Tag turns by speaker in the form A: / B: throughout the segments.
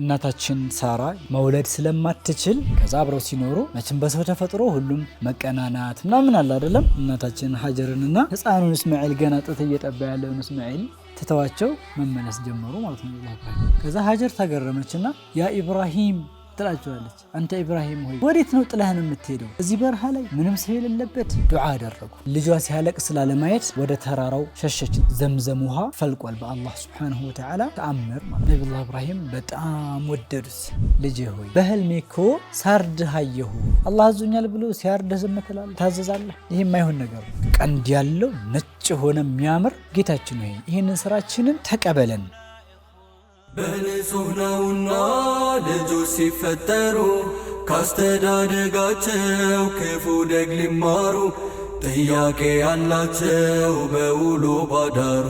A: እናታችን ሳራ መውለድ ስለማትችል ከዛ አብረው ሲኖሩ መቼም በሰው ተፈጥሮ ሁሉም መቀናናት ምናምን አለ አይደለም። እናታችን ሀጀርንና ህፃኑን እስማኤል ገና ጥት እየጠባ ያለውን እስማኤል ትተዋቸው መመለስ ጀመሩ ማለት ነው። ከዛ ሀጀር ተገረመችና ያ ኢብራሂም ትላቸዋለች። አንተ ኢብራሂም ሆይ ወዴት ነው ጥለህን የምትሄደው? እዚህ በረሃ ላይ ምንም ሰው የሌለበት ዱዓ አደረጉ። ልጇ ሲያለቅ ስላለማየት ወደ ተራራው ሸሸች። ዘምዘም ውሃ ፈልቋል። በአላህ ስብሓነሁ ወተዓላ ተአምር ነቢዩላህ ኢብራሂም በጣም ወደዱት። ልጄ ሆይ በህልሜ እኮ ሳርድህ አየሁ። አላህ አዞኛል ብሎ ሲያርድህ ዝም ትላለህ፣ ታዘዛለህ። ይህ የማይሆን ነገር ነው። ቀንድ ያለው ነጭ የሆነ የሚያምር ጌታችን ሆይ ይህንን ስራችንን ተቀበለን። በንጹህ ነውና ልጆች ሲፈጠሩ ካስተዳደጋቸው ክፉ ደግ ሊማሩ ጥያቄ ያላቸው በውሎ ባዳሩ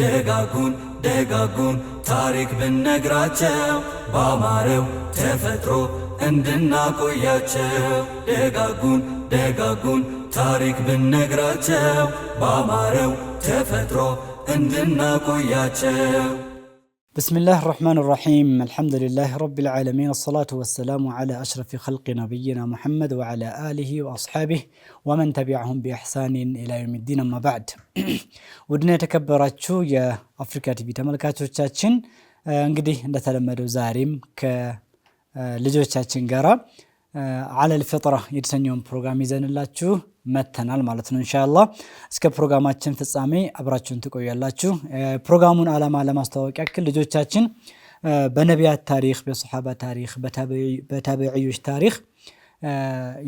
A: ደጋጉን ደጋጉን ታሪክ ብነግራቸው ባማረው ተፈጥሮ እንድናቆያቸው ደጋጉን ደጋጉን ታሪክ ብነግራቸው ባማረው ተፈጥሮ እንድናቆያቸው بسم الله الرحمن الرحيم الحمد لله رب العالمين الصلاة والسلام على أشرف خلق نبينا محمد وعلى آله وأصحابه ومن تبعهم بإحسان إلى يوم الدين أما بعد ودنا تكبراتشو يا أفريكا تيفي تملكاتو تشاتشن እንግዲህ እንደተለመደው ዛሬም ከልጆቻችን eh, ጋራ eh, አለል ፍጥራ የተሰኘውን ፕሮግራም ይዘንላችሁ መተናል ማለት ነው። እንሻላ እስከ ፕሮግራማችን ፍጻሜ አብራችሁን ትቆያላችሁ። ፕሮግራሙን ዓላማ ለማስተዋወቅ ያክል ልጆቻችን በነቢያት ታሪክ፣ በሰሓባ ታሪክ፣ በታቢዕዮች ታሪክ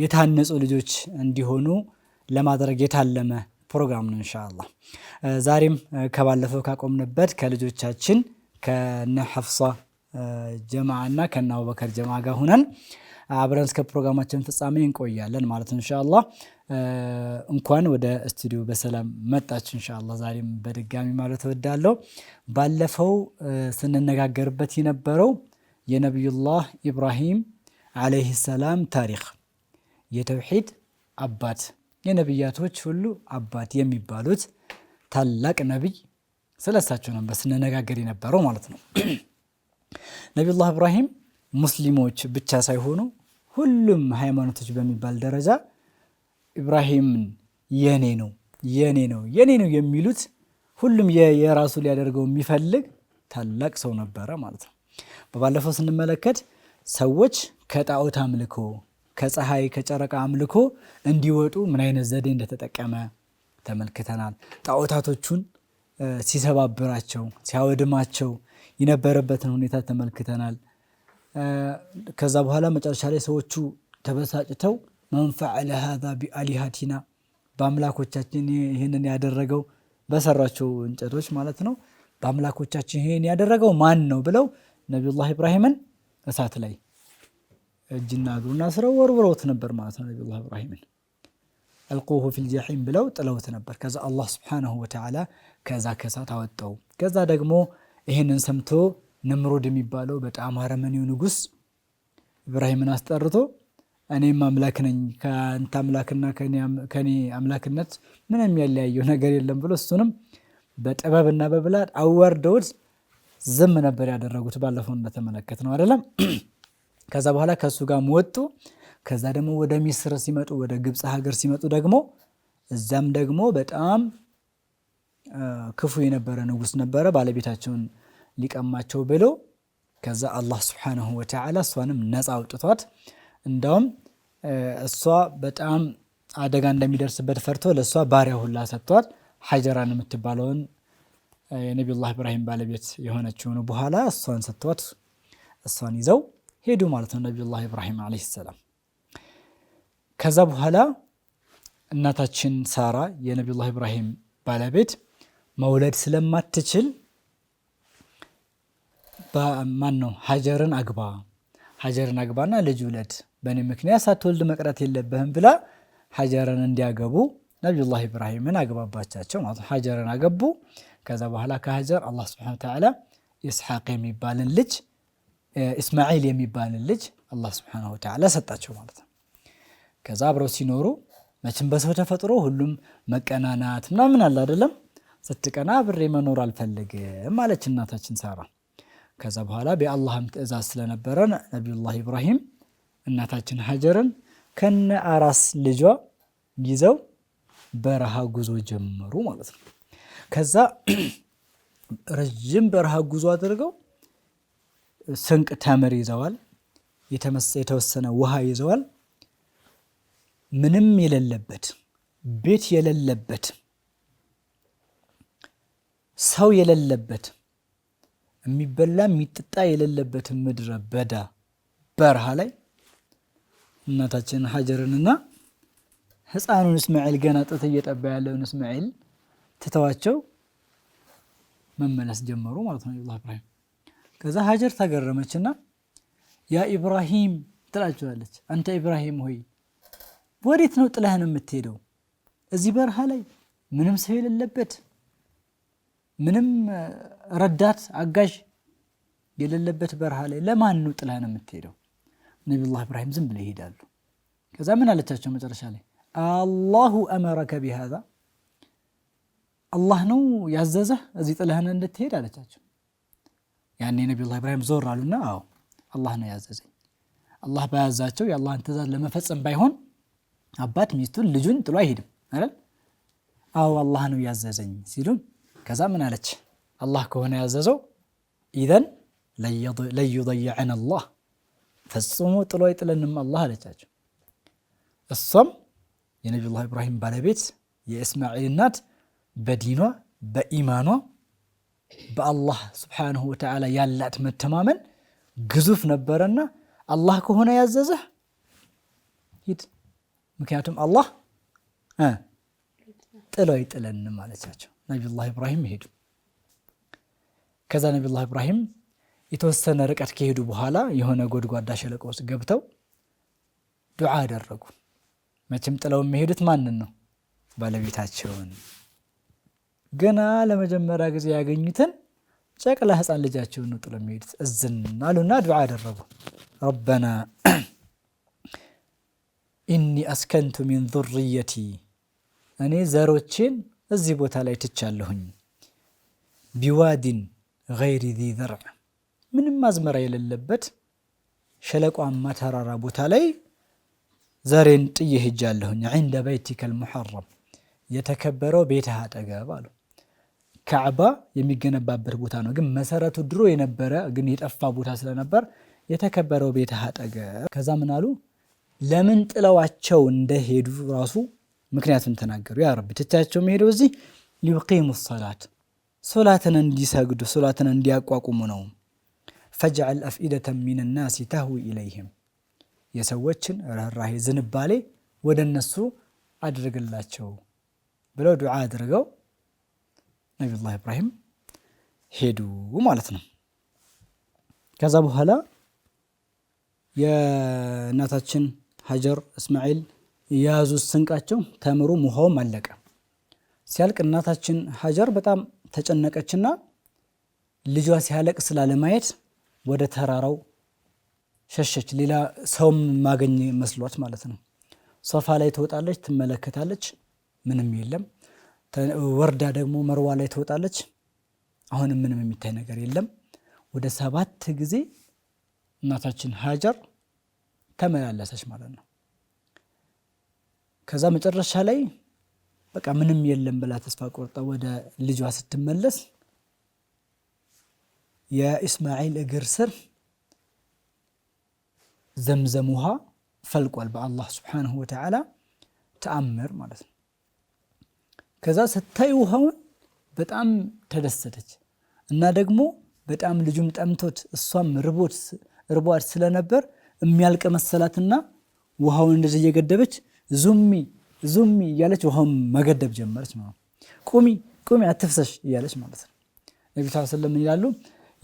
A: የታነጹ ልጆች እንዲሆኑ ለማድረግ የታለመ ፕሮግራም ነው። እንሻላ ዛሬም ከባለፈው ካቆምንበት ከልጆቻችን ከነ ሐፍሳ ጀማዓ እና ከነ አቡበከር ጀማዓ ጋር ሁነን አብረን እስከ ፕሮግራማችን ፍጻሜ እንቆያለን ማለት ነው። እንሻላ እንኳን ወደ ስቱዲዮ በሰላም መጣች እንሻላ ዛሬም በድጋሚ ማለት እወዳለሁ። ባለፈው ስንነጋገርበት የነበረው የነቢዩላህ ኢብራሂም ዓለይሂ ሰላም ታሪክ የተውሂድ አባት የነቢያቶች ሁሉ አባት የሚባሉት ታላቅ ነቢይ ስለሳቸው ነበር ስንነጋገር የነበረው ማለት ነው። ነቢዩላህ ኢብራሂም ሙስሊሞች ብቻ ሳይሆኑ ሁሉም ሃይማኖቶች በሚባል ደረጃ ኢብራሂምን የኔ ነው የኔ ነው የኔ ነው የሚሉት ሁሉም የራሱ ሊያደርገው የሚፈልግ ታላቅ ሰው ነበረ ማለት ነው። በባለፈው ስንመለከት ሰዎች ከጣዖት አምልኮ ከፀሐይ ከጨረቃ አምልኮ እንዲወጡ ምን አይነት ዘዴ እንደተጠቀመ ተመልክተናል። ጣዖታቶቹን ሲሰባብራቸው ሲያወድማቸው የነበረበትን ሁኔታ ተመልክተናል። ከዛ በኋላ መጨረሻ ላይ ሰዎቹ ተበሳጭተው መንፈዐለ ሃዛ ቢአሊሃቲና በአምላኮቻችን ይህንን ያደረገው በሰሯቸው እንጨቶች ማለት ነው። በአምላኮቻችን ይህን ያደረገው ማን ነው ብለው ነቢዩላህ ኢብራሂምን እሳት ላይ እጅና እግሩና ስረው ወርውረውት ነበር ማለት ነው። ነቢዩላህ ኢብራሂምን አልቁሁ ፊል ጀሒም ብለው ጥለውት ነበር። ከዛ አላህ ስብሓነሁ ወተዓላ ከዛ ከእሳት አወጣው። ከዛ ደግሞ ይህንን ሰምቶ ነምሮድ የሚባለው በጣም አረመኔው ንጉስ ኢብራሂምን አስጠርቶ እኔም አምላክ ነኝ ከአንተ አምላክና ከኔ አምላክነት ምንም ያለያየው ነገር የለም ብሎ እሱንም በጥበብና በብላድ አዋርደውት ዝም ነበር ያደረጉት። ባለፈው እንደተመለከት ነው አይደለም? ከዛ በኋላ ከእሱ ጋር ወጡ። ከዛ ደግሞ ወደ ሚስር ሲመጡ ወደ ግብፅ ሀገር ሲመጡ ደግሞ እዛም ደግሞ በጣም ክፉ የነበረ ንጉስ ነበረ። ባለቤታቸውን ሊቀማቸው ብሎ ከዛ አላህ ስብሓነሁ ወተዓላ እሷንም ነፃ አውጥቷት እንዳውም እሷ በጣም አደጋ እንደሚደርስበት ፈርቶ ለእሷ ባሪያ ሁላ ሰጥቷት ሀጀራን የምትባለውን የነቢዩላህ ኢብራሂም ባለቤት የሆነችውን በኋላ እሷን ሰጥቷት እሷን ይዘው ሄዱ ማለት ነው ነቢዩላህ ኢብራሂም ዓለይሂ ሰላም። ከዛ በኋላ እናታችን ሳራ የነቢዩላህ ኢብራሂም ባለቤት መውለድ ስለማትችል ማን ነው ሀጀርን አግባ ሀጀርን አግባና ልጅ ውለድ በእኔ ምክንያት ሳትወልድ መቅረት የለብህም ብላ ሀጀረን እንዲያገቡ ነቢዩላህ ኢብራሂምን አገባባቻቸው ማለት ሀጀረን ሀጀርን አገቡ። ከዛ በኋላ ከሀጀር አላህ ስብሐነሁ ወተዓላ ኢስሐቅ የሚባልን ልጅ እስማዒል የሚባልን ልጅ አላህ ስብሐነሁ ወተዓላ ሰጣቸው ማለት ነው። ከዛ አብረው ሲኖሩ መቼም በሰው ተፈጥሮ ሁሉም መቀናናት ምናምን አለ አይደለም። ስትቀና አብሬ መኖር አልፈልግም ማለች እናታችን ሳራ። ከዛ በኋላ በአላህም ትእዛዝ ስለነበረ ነቢዩላህ ኢብራሂም እናታችን ሀጀርን ከነ አራስ ልጇ ይዘው በረሃ ጉዞ ጀመሩ ማለት ነው። ከዛ ረዥም በረሃ ጉዞ አድርገው ስንቅ ተምር ይዘዋል። የተወሰነ ውሃ ይዘዋል። ምንም የሌለበት ቤት የሌለበት ሰው የሌለበት የሚበላ የሚጠጣ የሌለበት ምድረ በዳ በረሃ ላይ እናታችን ሀጀርንና ህፃኑን እስማኤል ገና ጥት እየጠባ ያለውን እስማኤል ትተዋቸው መመለስ ጀመሩ ማለት ነው። ነቢዩላህ ኢብራሂም ከዛ ሀጀር ተገረመችና ያ ኢብራሂም ትላቸዋለች። አንተ ኢብራሂም ሆይ ወዴት ነው ጥለህን የምትሄደው? እዚህ በረሃ ላይ ምንም ሰው የሌለበት ምንም ረዳት አጋዥ የሌለበት በረሃ ላይ ለማን ነው ጥለህን የምትሄደው? ነቢዩላህ ኢብራሂም ዝም ብለው ይሄዳሉ። ከዛ ምን አለቻቸው መጨረሻ ላይ አላሁ አመረከ ቢሃዛ አላህ ነው ያዘዘህ እዚህ ጥለህን እንድትሄድ አለቻቸው። ያኔ ነቢዩላህ ኢብራሂም ዞር አሉና አዎ አላህ ነው ያዘዘኝ። አላህ በያዛቸው የአላህን ትእዛዝ ለመፈጸም ባይሆን አባት ሚስቱን ልጁን ጥሎ አይሄድም አይደል? አዎ አላህ ነው ያዘዘኝ ሲሉ ከዛ ምን አለች? አላህ ከሆነ ያዘዘው ኢዘን ለዩደይዐን አላህ ፈጽሞ ጥሎ አይጥለንም አላህ አለቻቸው። እሷም የነቢዩላህ ኢብራሂም ባለቤት የእስማኤል እናት በዲኗ በኢማኗ በአላህ ስብሓነሁ ወተዓላ ያላት መተማመን ግዙፍ ነበረና አላህ ከሆነ ያዘዘህ ሂድ፣ ምክንያቱም አላህ ጥሎ አይጥለንም አለቻቸው። ነቢዩላህ ኢብራሂም ሄዱ። ከዛ ነቢዩላህ ኢብራሂም የተወሰነ ርቀት ከሄዱ በኋላ የሆነ ጎድጓዳ ሸለቆ ውስጥ ገብተው ዱዓ አደረጉ። መቼም ጥለው የሚሄዱት ማንን ነው? ባለቤታቸውን። ገና ለመጀመሪያ ጊዜ ያገኙትን ጨቅላ ህፃን ልጃቸውን ነው ጥለው የሚሄዱት። እዝን አሉና ዱዓ አደረጉ። ረበና ኢኒ አስከንቱ ሚን ዙርየቲ፣ እኔ ዘሮቼን እዚህ ቦታ ላይ ትቻለሁኝ፣ ቢዋዲን ገይሪ ዚ ዘርዕ ምንም አዝመራ የሌለበት ሸለቋማ ተራራ ቦታ ላይ ዘሬን ጥዬ ሄጃለሁኝ። ዐንደ በይቲከል ሙሐረም የተከበረው ቤትህ አጠገብ አሉ። ካዕባ የሚገነባበት ቦታ ነው፣ ግን መሰረቱ ድሮ የነበረ ግን የጠፋ ቦታ ስለነበር የተከበረው ቤትህ አጠገብ። ከዛ ምን አሉ? ለምን ጥለዋቸው እንደሄዱ ራሱ ምክንያቱን ተናገሩ። ያ ረቢ ትቻቸው መሄደው እዚህ ዩቂሙ ሶላት ሶላትን እንዲሰግዱ ሶላትን እንዲያቋቁሙ ነው። ፈጅዐል አፍኢደተን ሚንናሲ ተህዊ ኢለይህም የሰዎችን ርኅራሄ ዝንባሌ ወደ እነሱ አድርግላቸው ብለው ዱዓ አድርገው ነቢዩላህ ኢብራሂም ሄዱ ማለት ነው። ከዛ በኋላ የእናታችን ሀጀር እስማኤል የያዙት ስንቃቸው ተምሩ ሙሃውም አለቀ። ሲያልቅ እናታችን ሀጀር በጣም ተጨነቀችና ልጇ ሲያለቅ ስላለማየት ወደ ተራራው ሸሸች። ሌላ ሰውም ማገኝ መስሏት ማለት ነው። ሶፋ ላይ ትወጣለች፣ ትመለከታለች፣ ምንም የለም። ወርዳ ደግሞ መርዋ ላይ ትወጣለች፣ አሁንም ምንም የሚታይ ነገር የለም። ወደ ሰባት ጊዜ እናታችን ሀጀር ተመላለሰች ማለት ነው። ከዛ መጨረሻ ላይ በቃ ምንም የለም ብላ ተስፋ ቆርጣ ወደ ልጇ ስትመለስ የኢስማኤል እግር ስር ዘምዘም ውሃ ፈልቋል። በአላህ ስብሓንሁ ወተዓላ ተአምር ማለት ነው። ከዛ ስታይ ውሃውን በጣም ተደሰተች እና ደግሞ በጣም ልጁም ጠምቶት እሷም ርቦት ርቧት ስለነበር የሚያልቅ መሰላትና ውሃውን እንደዚህ እየገደበች ዙሚ ዙሚ እያለች ውሃውን መገደብ ጀመረች ማለት ነው። ቁሚ ቁሚ አትፍሰሽ እያለች ማለት ነው። ነቢ ስ ለም ይላሉ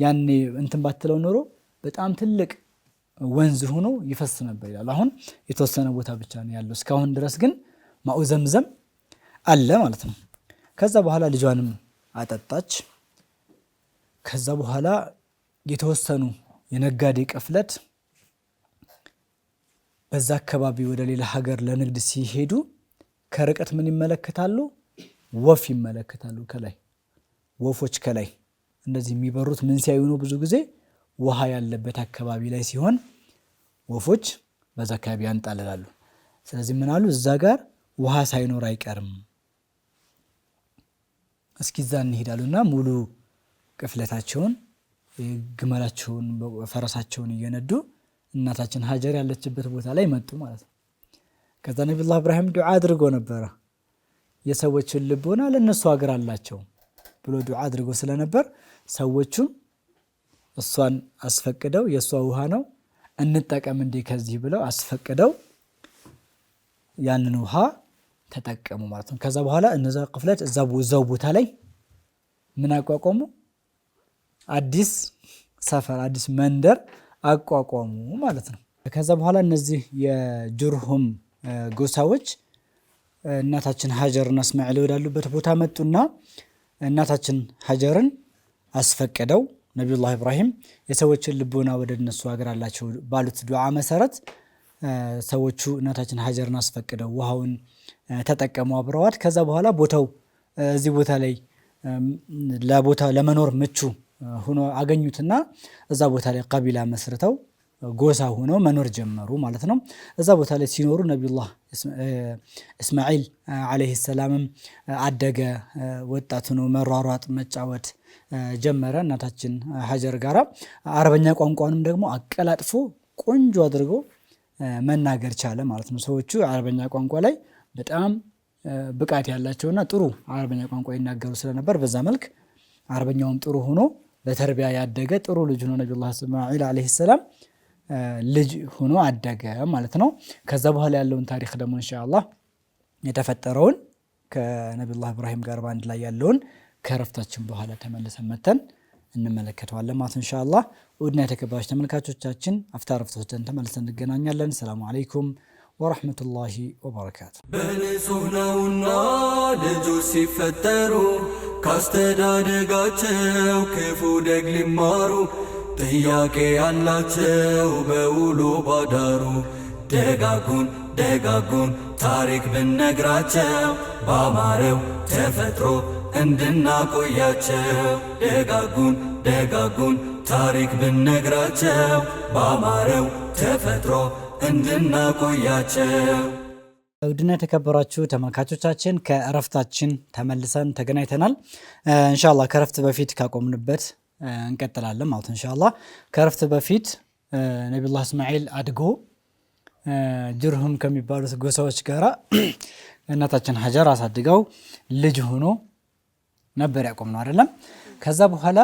A: ያኔ እንትን ባትለው ኖሮ በጣም ትልቅ ወንዝ ሆኖ ይፈስ ነበር ይላል። አሁን የተወሰነ ቦታ ብቻ ነው ያለው። እስካሁን ድረስ ግን ማኡ ዘምዘም አለ ማለት ነው። ከዛ በኋላ ልጇንም አጠጣች። ከዛ በኋላ የተወሰኑ የነጋዴ ቅፍለት በዛ አካባቢ ወደ ሌላ ሀገር ለንግድ ሲሄዱ ከርቀት ምን ይመለከታሉ? ወፍ ይመለከታሉ። ከላይ ወፎች ከላይ እነዚህ የሚበሩት ምን ሲያዩ ነው? ብዙ ጊዜ ውሃ ያለበት አካባቢ ላይ ሲሆን ወፎች በዛ አካባቢ ያንጣልላሉ። ስለዚህ ምን አሉ? እዛ ጋር ውሃ ሳይኖር አይቀርም፣ እስኪ እዛ እንሄዳሉና ሙሉ ቅፍለታቸውን ግመላቸውን ፈረሳቸውን እየነዱ እናታችን ሀጀር ያለችበት ቦታ ላይ መጡ ማለት ነው። ከዛ ነቢዩላህ ኢብራሂም ዱዓ አድርጎ ነበረ የሰዎችን ልቦና ለእነሱ ሀገር አላቸው ብሎ ዱዓ አድርጎ ስለነበር ሰዎቹም እሷን አስፈቅደው የእሷ ውሃ ነው እንጠቀም እንዴ ከዚህ ብለው አስፈቅደው ያንን ውሃ ተጠቀሙ ማለት ነው። ከዛ በኋላ እነዛ ክፍለት እዛው ቦታ ላይ ምን አቋቋሙ? አዲስ ሰፈር አዲስ መንደር አቋቋሙ ማለት ነው። ከዛ በኋላ እነዚህ የጅርሁም ጎሳዎች እናታችን ሀጀርና እስማኤል ወዳሉበት ቦታ መጡና እናታችን ሀጀርን አስፈቀደው። ነቢዩላህ ኢብራሂም የሰዎችን ልቦና ወደ እነሱ ሀገር አላቸው ባሉት ዱዓ መሰረት ሰዎቹ እናታችን ሀጀርን አስፈቅደው ውሃውን ተጠቀሙ አብረዋት። ከዛ በኋላ ቦታው እዚህ ቦታ ላይ ለቦታ ለመኖር ምቹ ሆኖ አገኙትና እዛ ቦታ ላይ ቀቢላ መስርተው ጎሳ ሆነው መኖር ጀመሩ ማለት ነው። እዛ ቦታ ላይ ሲኖሩ ነቢዩላህ እስማዒል ዓለይሂ ሰላምም አደገ፣ ወጣት ሆኖ መሯሯጥ፣ መጫወት ጀመረ እናታችን ሀጀር ጋራ። አረበኛ ቋንቋንም ደግሞ አቀላጥፎ ቆንጆ አድርጎ መናገር ቻለ ማለት ነው። ሰዎቹ አረበኛ ቋንቋ ላይ በጣም ብቃት ያላቸውና ጥሩ አረበኛ ቋንቋ ይናገሩ ስለነበር በዛ መልክ አረበኛውም ጥሩ ሆኖ በተርቢያ ያደገ ጥሩ ልጅ ሆኖ ነቢዩላህ እስማዒል ዓለይሂ ሰላም ልጅ ሆኖ አደገ ማለት ነው። ከዛ በኋላ ያለውን ታሪክ ደግሞ እንሻላ የተፈጠረውን ከነቢዩላህ ኢብራሂም ጋር በአንድ ላይ ያለውን ከረፍታችን በኋላ ተመልሰን መተን እንመለከተዋለን ማለት ኢንሻአላህ። ውድና የተከበራችሁ ተመልካቾቻችን አፍታ ረፍት ወስደን ተመልሰን እንገናኛለን። ሰላሙ አለይኩም ወራህመቱላሂ ወበረካቱ። በንጹህ ነውና ልጆች ሲፈጠሩ ካስተዳደጋቸው ክፉ ደግ ሊማሩ ጥያቄ ያላቸው በውሉ ባዳሩ ደጋጉን ደጋጉን ታሪክ ብነግራቸው ባማረው ተፈጥሮ እንድናቆያቸው ደጋጉን ደጋጉን ታሪክ ብነግራቸው ባማረው ተፈጥሮ እንድናቆያቸው። ውድና የተከበራችሁ ተመልካቾቻችን ከእረፍታችን ተመልሰን ተገናኝተናል። እንሻላ ከእረፍት በፊት ካቆምንበት እንቀጥላለን ማለት እንሻላ። ከረፍት በፊት ነቢዩላህ እስማኤል አድጎ ጅርሁም ከሚባሉት ጎሳዎች ጋራ እናታችን ሀጀር አሳድገው ልጅ ሆኖ ነበር ያቆም ነው አይደለም። ከዛ በኋላ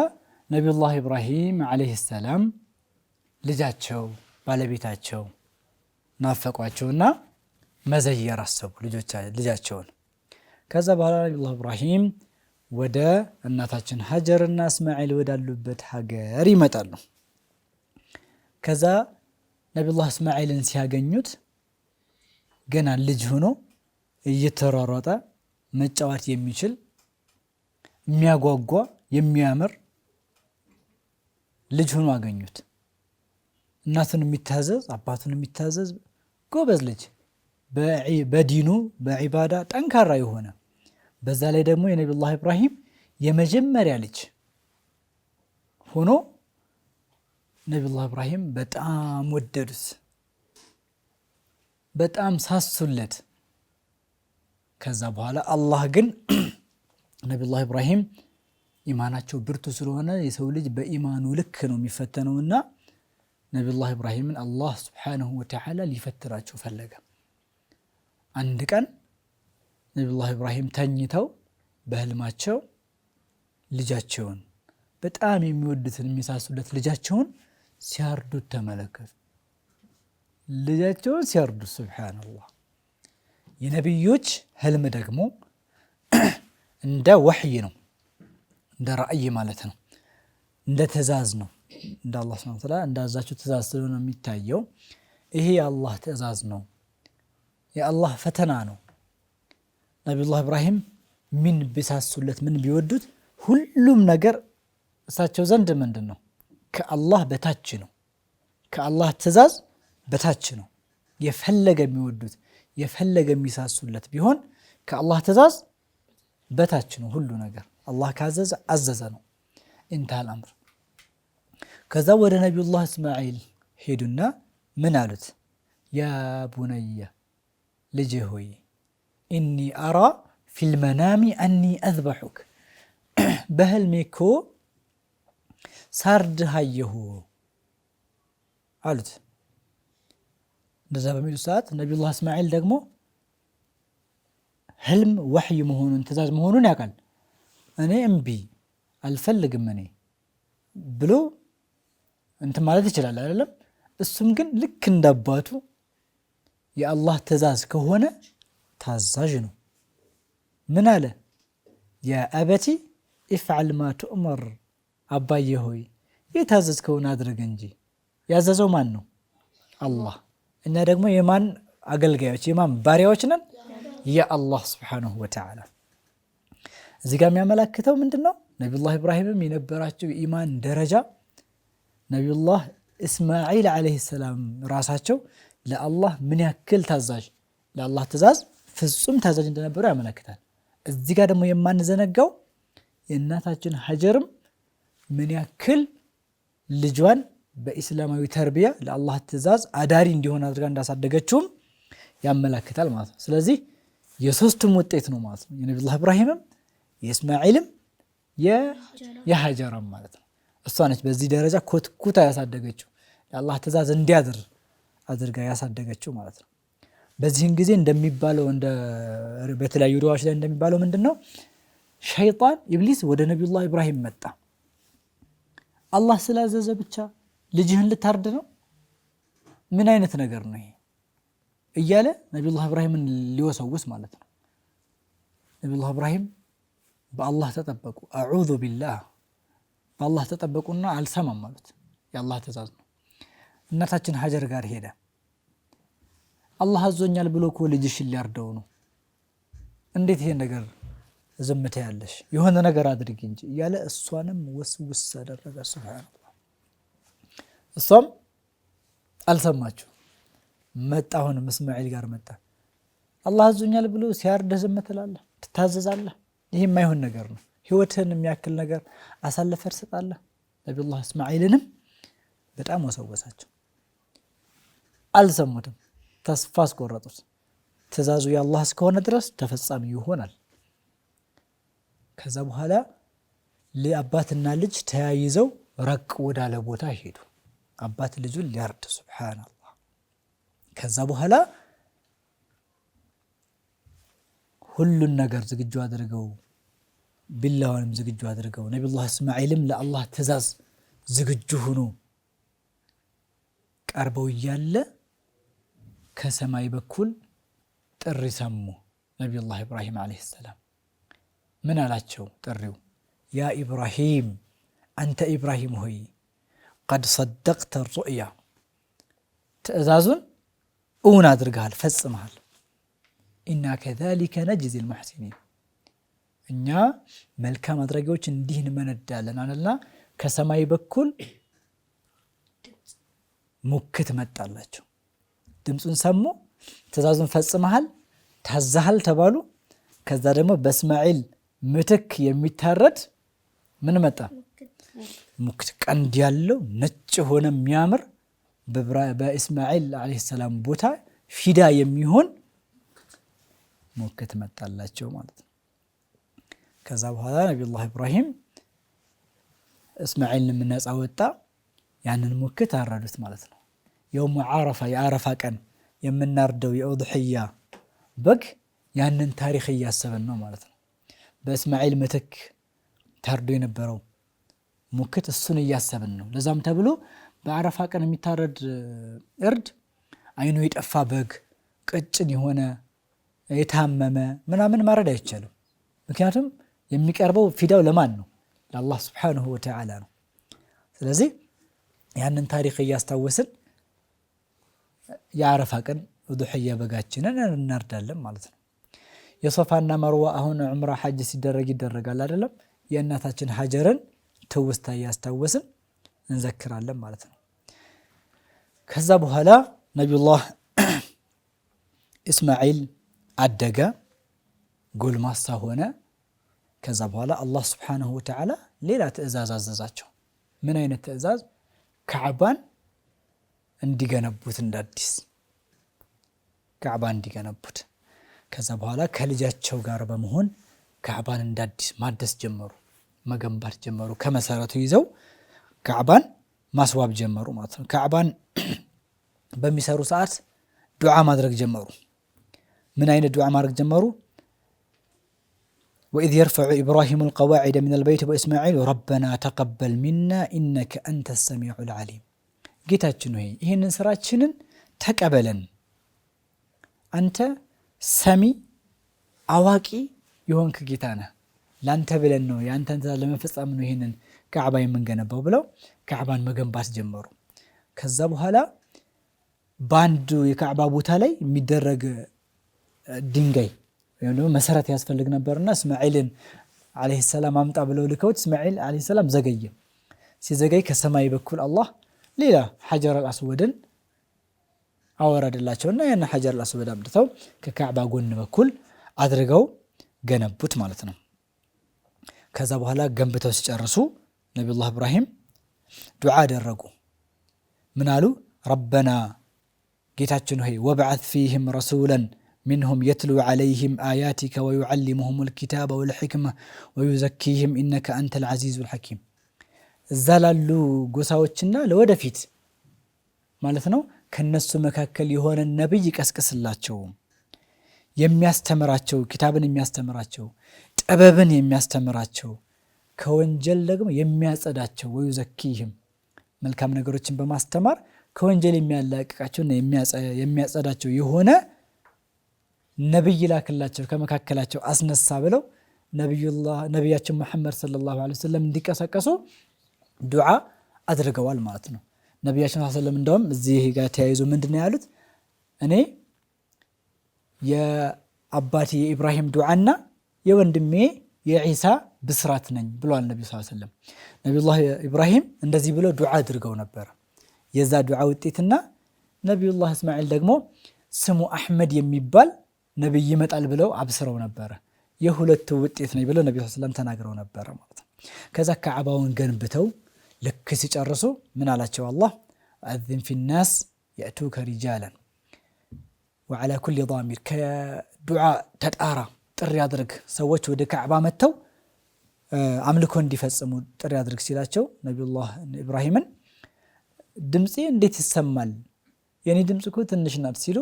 A: ነቢዩላህ ኢብራሂም ዓለይሂ ሰላም ልጃቸው ባለቤታቸው ናፈቋቸውና መዘየር አሰቡ ልጃቸውን። ከዛ በኋላ ነቢዩላህ ኢብራሂም ወደ እናታችን ሀጀር እና እስማኤል ወዳሉበት ሀገር ይመጣሉ። ከዛ ነቢዩላህ እስማኤልን ሲያገኙት ገና ልጅ ሆኖ እየተሯሯጠ መጫወት የሚችል የሚያጓጓ የሚያምር ልጅ ሆኖ አገኙት። እናቱን የሚታዘዝ አባቱን የሚታዘዝ ጎበዝ ልጅ፣ በዲኑ በዒባዳ ጠንካራ የሆነ በዛ ላይ ደግሞ የነቢዩላህ ኢብራሂም የመጀመሪያ ልጅ ሆኖ ነቢዩላህ ኢብራሂም በጣም ወደዱት፣ በጣም ሳሱለት። ከዛ በኋላ አላህ ግን ነቢዩላህ ኢብራሂም ኢማናቸው ብርቱ ስለሆነ የሰው ልጅ በኢማኑ ልክ ነው የሚፈተነው እና ነቢዩላህ ኢብራሂምን አላህ ስብሓነሁ ወተዓላ ሊፈትናቸው ፈለገ አንድ ቀን ነቢዩላህ ኢብራሂም ተኝተው በህልማቸው ልጃቸውን በጣም የሚወዱትን የሚሳሱለት ልጃቸውን ሲያርዱት ተመለከቱ። ልጃቸውን ሲያርዱት፣ ሱብሓነላህ። የነቢዮች ህልም ደግሞ እንደ ወሕይ ነው፣ እንደ ራእይ ማለት ነው፣ እንደ ትእዛዝ ነው። እንደ አላህ ሱብሓነሁ ወተዓላ እንዳዛቸው ትእዛዝ ስለሆነ የሚታየው ይሄ የአላህ ትእዛዝ ነው፣ የአላህ ፈተና ነው ነቢዩላህ ኢብራሂም ምን ቢሳሱለት ምን ቢወዱት ሁሉም ነገር እሳቸው ዘንድ ምንድን ነው ከአላህ በታች ነው። ከአላህ ትእዛዝ በታች ነው። የፈለገ የሚወዱት የፈለገ የሚሳሱለት ቢሆን ከአላህ ትእዛዝ በታች ነው። ሁሉ ነገር አላህ ካዘዘ አዘዘ ነው። እንታል አምር። ከዛ ወደ ነቢዩላህ እስማዒል ሄዱና ምን አሉት? ያ ቡነየ ልጄ ሆይ ኢኒ አራ ፊልመናሚ አኒ አዝበሑክ በህልሜ እኮ ሳርድህ አየሁ አሉት። እንደዛ በሚሉ ሰዓት ነቢዩላህ እስማኤል ደግሞ ህልም ወሕይ መሆኑን ትእዛዝ መሆኑን ያውቃል። እኔ እምቢ አልፈልግም እኔ ብሎ እንትን ማለት ይችላል አይደለም። እሱም ግን ልክ እንዳባቱ የአላህ ትእዛዝ ከሆነ ታዛዥ ነው። ምን አለ? የአበቲ ኢፍዓል ማ ቱእመር፣ አባዬ ሆይ የታዘዝከውን አድርግ እንጂ። ያዘዘው ማን ነው? አላህ። እኛ ደግሞ የማን አገልጋዮች የማን ባሪያዎች ነን? የአላህ ስብሓነሁ ወተዓላ። እዚህ ጋ የሚያመላክተው ምንድን ነው? ነቢዩላህ ኢብራሂምም የነበራቸው የኢማን ደረጃ ነቢዩላህ እስማዒል ዓለይሂ ሰላም ራሳቸው ለአላህ ምን ያክል ታዛዥ ለአላህ ትእዛዝ ፍጹም ታዛዥ እንደነበሩ ያመለክታል። እዚህ ጋር ደግሞ የማንዘነጋው የእናታችን ሀጀርም ምን ያክል ልጇን በኢስላማዊ ተርቢያ ለአላህ ትእዛዝ አዳሪ እንዲሆን አድርጋ እንዳሳደገችውም ያመላክታል ማለት ነው። ስለዚህ የሶስቱም ውጤት ነው ማለት ነው። የነቢዩላህ ኢብራሂምም የእስማዒልም የሀጀራም ማለት ነው። እሷ ነች በዚህ ደረጃ ኮትኩታ ያሳደገችው ለአላህ ትእዛዝ እንዲያድር አድርጋ ያሳደገችው ማለት ነው። በዚህን ጊዜ እንደሚባለው እንደ በተለያዩ ሪዋዎች ላይ እንደሚባለው ምንድነው ሸይጣን ኢብሊስ ወደ ነቢዩላህ ኢብራሂም መጣ። አላህ ስላዘዘ ብቻ ልጅህን ልታርድ ነው? ምን አይነት ነገር ነው ይሄ? እያለ ነቢዩላህ ኢብራሂምን ሊወሰውስ ማለት ነው። ነቢዩላህ ኢብራሂም በአላህ ተጠበቁ። አዑዙ ቢላህ በአላህ ተጠበቁና አልሰማም አሉት። የአላህ ትእዛዝ ነው። እናታችን ሀጀር ጋር ሄደ። አላህ አዞኛል ብሎ እኮ ልጅሽን ሊያርደው ነው። እንዴት ይሄ ነገር ዝምታ ያለሽ የሆነ ነገር አድርጊ እንጂ እያለ እሷንም ውስውስ አደረገ። ሱብሃነላህ። እሷም አልሰማችሁ መጣ። አሁንም እስማኤል ጋር መጣ። አላህ አዞኛል ብሎ ሲያርድህ ዝም ትላለህ፣ ትታዘዛለህ። ይህ የማይሆን ነገር ነው። ህይወትህን የሚያክል ነገር አሳልፈህ ትሰጣለህ። ነቢዩላህ እስማኤልንም በጣም ወሰወሳቸው፣ አልሰሙትም። ተስፋ አስቆረጡት። ትእዛዙ የአላህ እስከሆነ ድረስ ተፈጻሚ ይሆናል። ከዛ በኋላ አባትና ልጅ ተያይዘው ረቅ ወዳለ ቦታ ሄዱ። አባት ልጁን ሊያርድ ሱብሓነላህ። ከዛ በኋላ ሁሉን ነገር ዝግጁ አድርገው ቢላዋንም ዝግጁ አድርገው ነቢዩላህ እስማኤልም ለአላህ ትእዛዝ ዝግጁ ሆኖ ቀርበው እያለ ከሰማይ በኩል ጥሪ ሰሙ። ነቢዩላህ ኢብራሂም ዓለይሂ ሰላም ምን አላቸው? ጥሪው ያ ኢብራሂም አንተ ኢብራሂም ሆይ ቀድ ሰደቅተ ሩእያ ትእዛዙን እውን አድርገሃል፣ ፈጽመሃል። ኢና ከዛሊከ ነጅዚ ልሙሕሲኒን እኛ መልካም አድራጊዎች እንዲህ እንመነዳለን አለና ከሰማይ በኩል ሙክት መጣላቸው። ድምፁን ሰሙ። ትእዛዙን ፈጽመሃል፣ ታዛሃል ተባሉ። ከዛ ደግሞ በእስማኤል ምትክ የሚታረድ ምን መጣ? ሙክት ቀንድ ያለው ነጭ ሆነ የሚያምር በእስማኤል ዓለይሂ ሰላም ቦታ ፊዳ የሚሆን ሙክት መጣላቸው ማለት ነው። ከዛ በኋላ ነቢዩላህ ኢብራሂም እስማኤልን የምነፃ ወጣ። ያንን ሙክት አረዱት ማለት ነው። የውሙ ዓረፋ የአረፋ ቀን የምናርደው የኡድሕያ በግ ያንን ታሪክ እያሰበን ነው ማለት ነው። በእስማኤል ምትክ ታርዶ የነበረው ሙክት እሱን እያሰብን ነው። ለዛም ተብሎ በአረፋ ቀን የሚታረድ እርድ አይኑ የጠፋ በግ፣ ቀጭን የሆነ የታመመ ምናምን ማረድ አይቻልም። ምክንያቱም የሚቀርበው ፊዳው ለማን ነው? ለአላህ ስብሓነሁ ወተዓላ ነው። ስለዚህ ያንን ታሪክ እያስታወስን የአረፋ ቀን ዱሕያ በጋችንን እናርዳለን ማለት ነው። የሶፋና መርዋ አሁን ዑምራ ሐጅ ሲደረግ ይደረጋል አይደለም። የእናታችን ሀጀርን ትውስታ እያስታወስን እንዘክራለን ማለት ነው። ከዛ በኋላ ነቢዩላህ እስማዒል አደገ፣ ጎልማሳ ሆነ። ከዛ በኋላ አላህ ስብሓነሁ ወተዓላ ሌላ ትእዛዝ አዘዛቸው። ምን አይነት ትእዛዝ? ካዕባን እንዲገነቡት እንደ አዲስ ካዕባ እንዲገነቡት ከዛ በኋላ ከልጃቸው ጋር በመሆን ካዕባን እንደ አዲስ ማደስ ጀመሩ፣ መገንባት ጀመሩ። ከመሰረቱ ይዘው ካዕባን ማስዋብ ጀመሩ ማለት ነው። ካዕባን በሚሰሩ ሰዓት ዱዓ ማድረግ ጀመሩ። ምን አይነት ዱዓ ማድረግ ጀመሩ? ወኢዝ የርፈዑ ኢብራሂሙ ልቀዋዒደ ሚነል በይት ወእስማዒሉ ረበና ተቀበል ሚና ኢነከ አንተ ሰሚዑ ልዓሊም ጌታችን ሆይ ይህንን ስራችንን ተቀበለን። አንተ ሰሚ አዋቂ የሆንክ ጌታ ነህ። ለአንተ ብለን ነው የአንተን ትእዛዝ ለመፈጸም ነው ይህንን ካዕባ የምንገነባው ብለው ካዕባን መገንባት ጀመሩ። ከዛ በኋላ በአንዱ የካዕባ ቦታ ላይ የሚደረግ ድንጋይ ወይም ደግሞ መሰረት ያስፈልግ ነበርና እስማዒልን ዓለይሂ ሰላም አምጣ ብለው ልከውት እስማዒል ዓለይሂ ሰላም ዘገየ። ሲዘገይ ከሰማይ በኩል አላህ ሌላ ሐጀር አልአስወድን አወረደላቸውና ያን ሐጀር አልአስወድ አምጥተው ከካዕባ ጎን በኩል አድርገው ገነቡት ማለት ነው። ከዛ በኋላ ገንብተው ሲጨርሱ ነቢዩላህ ኢብራሂም ዱዓ አደረጉ። ምናሉ ረበና ጌታችን ሆይ ወብዓት ፊህም ረሱለን ሚንሁም የትሉ ዓለይህም አያቲከ ወዩዓሊሙሁም ልኪታበ ወልሕክመ ወዩዘኪህም ኢነከ አንተ ልዓዚዙ ልሐኪም እዛ ላሉ ጎሳዎችና ለወደፊት ማለት ነው ከነሱ መካከል የሆነ ነቢይ ይቀስቅስላቸው የሚያስተምራቸው ኪታብን የሚያስተምራቸው ጥበብን የሚያስተምራቸው ከወንጀል ደግሞ የሚያጸዳቸው ወዩ ዘኪህም መልካም ነገሮችን በማስተማር ከወንጀል የሚያላቅቃቸውና የሚያጸዳቸው የሆነ ነቢይ ላክላቸው ከመካከላቸው አስነሳ ብለው ነቢያችን ሙሐመድ ሰለላሁ ዐለይሂ ወሰለም እንዲቀሰቀሱ ዱዓ አድርገዋል ማለት ነው። ነቢያችን ሰለም እንደውም እዚህ ጋር ተያይዞ ምንድን ነው ያሉት? እኔ የአባቴ የኢብራሂም ዱዓና የወንድሜ የዒሳ ብስራት ነኝ ብለዋል ነቢ ሰለም። ነቢዩላህ ኢብራሂም እንደዚህ ብለው ዱዓ አድርገው ነበር። የዛ ዱዓ ውጤትና ነቢዩላህ እስማኤል ደግሞ ስሙ አሕመድ የሚባል ነቢይ ይመጣል ብለው አብስረው ነበረ። የሁለቱ ውጤት ነኝ ብለው ነቢ ሰለም ተናግረው ነበረ ማለት ነው። ከዛ ከዓባውን ገንብተው ልክ ሲጨርሱ ምን አላቸው አላህ አዚን ፊናስ የእቱከ ሪጃለን ወዓላ ኩል ዳሚር ከዱዓ ተጣራ ጥሪ አድርግ ሰዎች ወደ ካዕባ መጥተው አምልኮ እንዲፈጽሙ ጥሪ አድርግ ሲላቸው ነቢዩላህ ኢብራሂምን ድምፄ እንዴት ይሰማል? የኔ ድምፅ እኮ ትንሽ ናት ሲሉ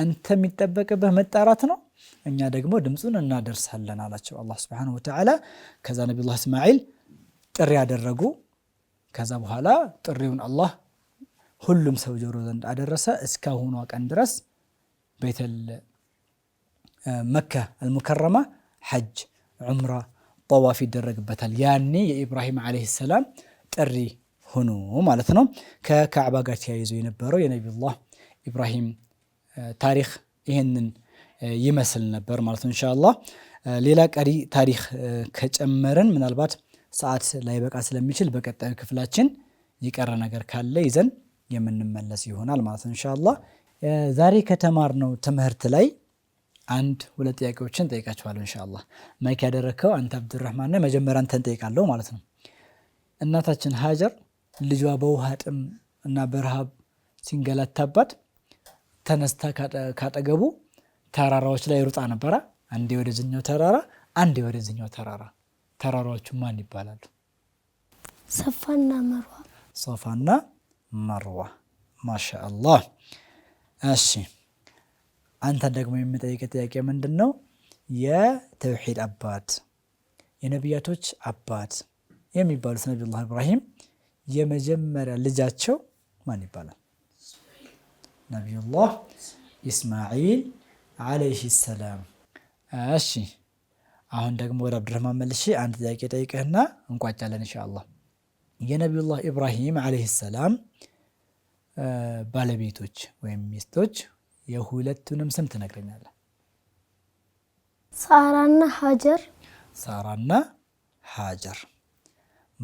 A: አንተ የሚጠበቅብህ መጣራት ነው፣ እኛ ደግሞ ድምፁን እናደርሳለን አላቸው አላህ ሱብሓነሁ ወተዓላ። ከዛ ነቢዩላህ እስማዒል ጥሪ ያደረጉ ከዛ በኋላ ጥሪውን አላህ ሁሉም ሰው ጆሮ ዘንድ አደረሰ። እስካሁኗ ቀን ድረስ ቤተል መካ አልሙከረማ ሐጅ፣ ዑምራ፣ ጠዋፍ ይደረግበታል። ያኔ የኢብራሂም ዓለይሂ ሰላም ጥሪ ሆኖ ማለት ነው። ከካዕባ ጋር ተያይዞ የነበረው የነቢዩላህ ኢብራሂም ታሪክ ይህንን ይመስል ነበር ማለት ነው። እንሻ አላህ ሌላ ቀሪ ታሪክ ከጨመርን ምናልባት ሰዓት ላይበቃ ስለሚችል በቀጣዩ ክፍላችን የቀረ ነገር ካለ ይዘን የምንመለስ ይሆናል ማለት ነው እንሻላ። ዛሬ ከተማርነው ትምህርት ላይ አንድ ሁለት ጥያቄዎችን ጠይቃችኋለሁ። እንሻላ ማይክ ያደረግከው አንተ አብዱራህማን ነው። መጀመሪያ አንተን ጠይቃለሁ ማለት ነው። እናታችን ሀጀር ልጇ በውሃ ጥም እና በረሃብ ሲንገላታባት ተነስታ ካጠገቡ ተራራዎች ላይ ሩጣ ነበራ። አንዴ ወደዚህኛው ተራራ፣ አንዴ ወደዚህኛው ተራራ ተራራዎቹ ማን ይባላሉ?
B: ሰፋና መርዋ።
A: ሰፋና መርዋ። ማሻአላህ። እሺ አንተ ደግሞ የምጠይቀ ጥያቄ ምንድን ነው? የተውሂድ አባት የነቢያቶች አባት የሚባሉት ነቢዩላህ ኢብራሂም የመጀመሪያ ልጃቸው ማን ይባላል? ነቢዩላህ ኢስማዒል ዓለይሂ ሰላም። እሺ አሁን ደግሞ ወደ አብዱረህማን መልሼ አንድ ጥያቄ ጠይቅህና እንቋጫለን ኢንሻአላህ። የነቢዩላህ ኢብራሂም ዓለይሂ ሰላም ባለቤቶች ወይም ሚስቶች የሁለቱንም ስም ትነግረኛለህ?
B: ሳራና ሀጀር።
A: ሳራና ሀጀር።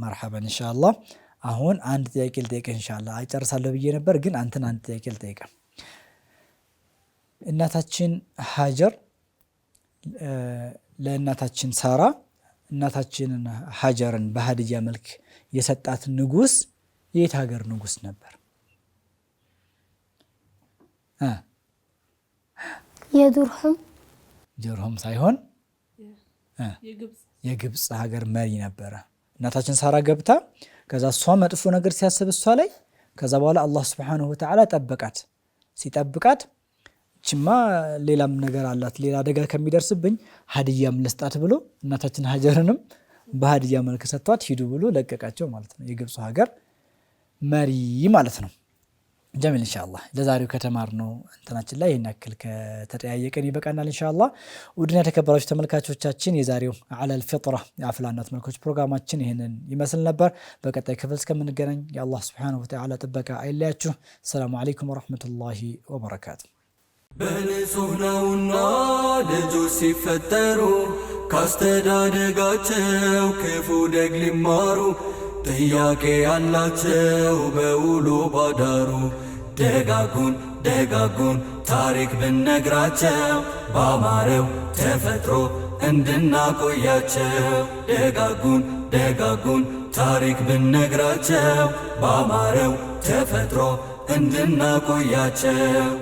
A: መርሐበን ኢንሻአላህ። አሁን አንድ ጥያቄ ልጠይቅህ ኢንሻአላህ። አይጨርሳለሁ ብዬ ነበር ግን አንተን አንድ ጥያቄ ልጠይቅህ። እናታችን ሀጀር ለእናታችን ሳራ እናታችንን ሀጀርን በሀድያ መልክ የሰጣት ንጉስ የየት ሀገር ንጉስ ነበር? የዱርሁም ዱርሁም ሳይሆን የግብፅ ሀገር መሪ ነበረ። እናታችን ሳራ ገብታ ከዛ እሷ መጥፎ ነገር ሲያስብ እሷ ላይ ከዛ በኋላ አላህ ስብሓነሁ ወተዓላ ጠበቃት። ሲጠብቃት ይችማ ሌላም ነገር አላት፣ ሌላ አደጋ ከሚደርስብኝ ሀድያም ልስጣት ብሎ እናታችን ሀጀርንም በሀዲያ መልክ ሰጥቷት ሂዱ ብሎ ለቀቃቸው ማለት ነው። የግብፁ ሀገር መሪ ማለት ነው። ጀሚል እንሻላ ለዛሬው ነው እንትናችን ላይ ይህን ያክል ከተጠያየቀን ይበቃናል። እንሻላ ውድና የተከበራችሁ ተመልካቾቻችን የዛሬው አለል ፊጥራ የአፍላነት መልኮች ፕሮግራማችን ይህንን ይመስል ነበር። በቀጣይ ክፍል እስከምንገናኝ የአላህ ስብሐነሁ ወተዓላ ጥበቃ አይለያችሁ። ሰላሙ አለይኩም ወረሕመቱላሂ ወበረካቱ። በንጹህ ነውና ልጆች ሲፈጠሩ ካስተዳደጋቸው ክፉ ደግ ሊማሩ ጥያቄ ያላቸው በውሎ ባዳሩ ደጋጉን ደጋጉን
C: ታሪክ ብነግራቸው ባማረው ተፈጥሮ እንድናቆያቸው ደጋጉን ደጋጉን ታሪክ ብነግራቸው ባማረው ተፈጥሮ እንድናቆያቸው